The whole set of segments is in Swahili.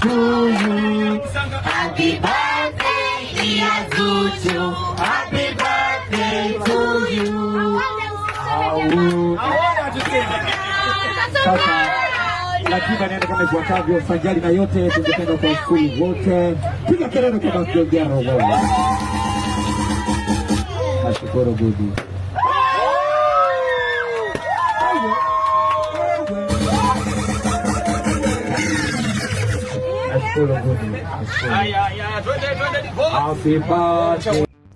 to you. Happy birthday, Iazutu. Happy birthday to you. Sasa lakini anaenda kama ifuatavyo, sanjali na yote, tungependa kwa skuli wote piga kelele kwa Basi Jogero. Nashukuru Gudi.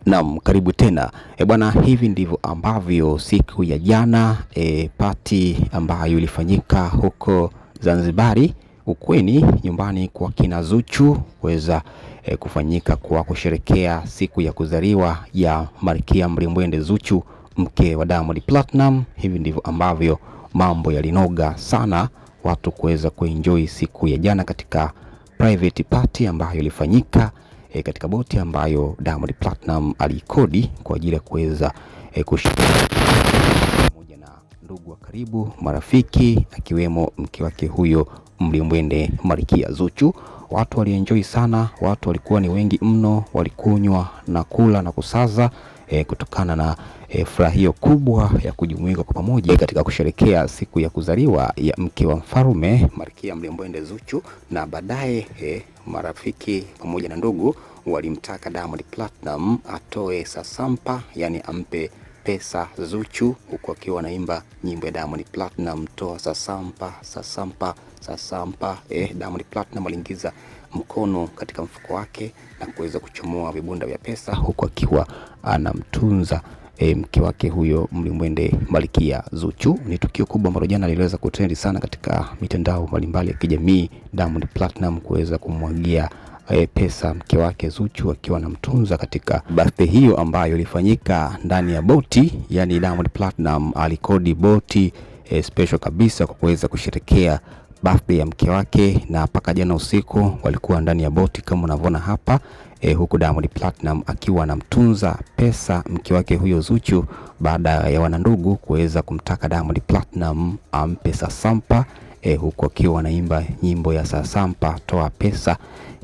Naam, karibu tena e bwana, hivi ndivyo ambavyo siku ya jana e, eh, pati ambayo ilifanyika huko Zanzibari ukweni nyumbani kwa kina Zuchu kuweza e, kufanyika kwa kusherekea siku ya kuzaliwa ya Malkia Mlimbwende Zuchu mke wa Diamond Platinum. Hivi ndivyo ambavyo mambo yalinoga sana watu kuweza kuenjoy siku ya jana katika private party ambayo ilifanyika e, katika boti ambayo Diamond Platinum alikodi kwa ajili ya kuweza e, eh, kushiriki pamoja na ndugu wa karibu, marafiki, akiwemo mke wake huyo mlimbwende Marikia Zuchu. Watu walienjoy sana, watu walikuwa ni wengi mno, walikunywa na kula na kusaza e, kutokana na e, furaha hiyo kubwa ya kujumuika kwa pamoja katika kusherekea siku ya kuzaliwa ya mke wa mfalme Malkia mlemboende Zuchu, na baadaye e, marafiki pamoja na ndugu walimtaka Diamond Platinum atoe sasampa, yani ampe pesa Zuchu, huku akiwa anaimba nyimbo ya Diamond Platinum toa sasampa sasampa sasampa. Eh, Diamond Platinum aliingiza mkono katika mfuko wake na kuweza kuchomoa vibunda vya pesa huku akiwa anamtunza e, mke wake huyo mlimwende Malkia Zuchu. Ni tukio kubwa ambalo jana liliweza kutrendi sana katika mitandao mbalimbali ya kijamii, Diamond Platinum kuweza kumwagia e, pesa mke wake Zuchu akiwa anamtunza katika birthday hiyo ambayo ilifanyika ndani ya boti, yani Diamond Platinum alikodi boti e, special kabisa kwa kuweza kusherekea birthday ya mke wake, na mpaka jana usiku walikuwa ndani ya boti kama unavyoona hapa e, huku Diamond Platinum akiwa anamtunza pesa mke wake huyo Zuchu, baada ya wanandugu kuweza kumtaka Diamond Platinum ampe Sasampa e, huku akiwa anaimba nyimbo ya Sasampa toa pesa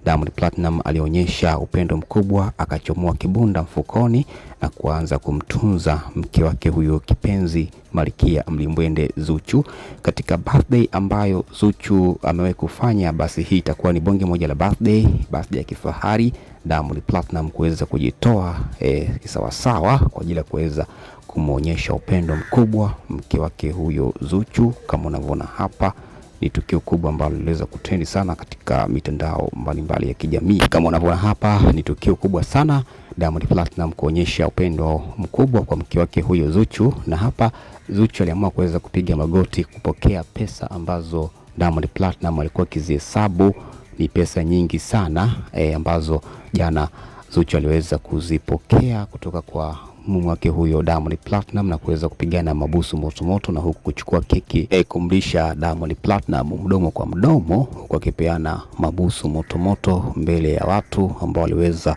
Diamond Platinum alionyesha upendo mkubwa, akachomoa kibunda mfukoni na kuanza kumtunza mke wake huyo kipenzi, Malkia Mlimbwende Zuchu. Katika birthday ambayo Zuchu amewahi kufanya, basi hii itakuwa ni bonge moja la birthday, birthday ya kifahari Diamond Platinum kuweza kujitoa eh, kisawasawa kwa ajili ya kuweza kumwonyesha upendo mkubwa mke wake huyo Zuchu, kama unavyoona hapa ni tukio kubwa ambalo liliweza kutrendi sana katika mitandao mbalimbali ya kijamii. Kama unavyoona hapa, ni tukio kubwa sana Diamond Platinum kuonyesha upendo mkubwa kwa mke wake huyo Zuchu, na hapa Zuchu aliamua kuweza kupiga magoti kupokea pesa ambazo Diamond Platinum alikuwa akizihesabu ni pesa nyingi sana e, ambazo jana Zuchu aliweza kuzipokea kutoka kwa mume wake huyo Diamond Platinum na kuweza kupigana mabusu motomoto na huku kuchukua keki e, kumlisha Diamond Platinum mdomo kwa mdomo, huku akipeana mabusu motomoto mbele ya watu ambao waliweza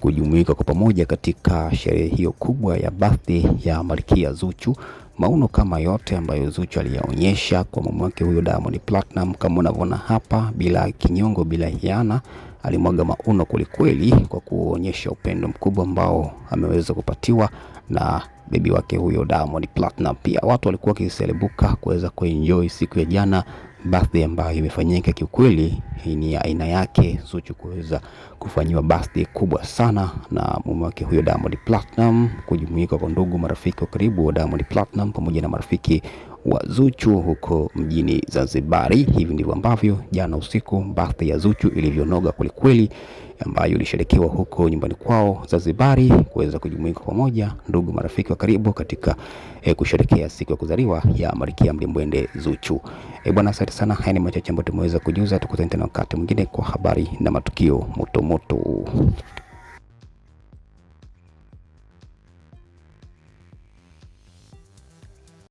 kujumuika kwa pamoja katika sherehe hiyo kubwa ya birthday ya Malkia Zuchu. mauno kama yote ambayo Zuchu aliyaonyesha kwa mume wake huyo Diamond Platinum, kama unavyoona hapa, bila kinyongo, bila hiana alimwaga mauno kwelikweli kwa kuonyesha upendo mkubwa ambao ameweza kupatiwa na bebi wake huyo Diamond Platinum. Pia watu walikuwa wakiselebuka kuweza kuenjoy siku ya jana birthday ambayo imefanyika. Kiukweli hii ni aina yake, Zuchu kuweza kufanyiwa birthday kubwa sana na mume wake huyo Diamond Platinum, kujumuika kwa ndugu, marafiki wa karibu wa Diamond Platinum pamoja na marafiki wa Zuchu huko mjini Zanzibar. Hivi ndivyo ambavyo jana usiku birthday ya Zuchu ilivyonoga kwelikweli, ambayo ilisherekewa huko nyumbani kwao Zanzibar, kuweza kujumuika pamoja ndugu, marafiki wa karibu katika e, kusherekea siku ya kuzaliwa ya Malkia Mlimbwende Zuchu. E, bwana, asante sana. Haya ni machache ambayo tumeweza kujuza. Tukutane tena wakati mwingine kwa habari na matukio motomoto.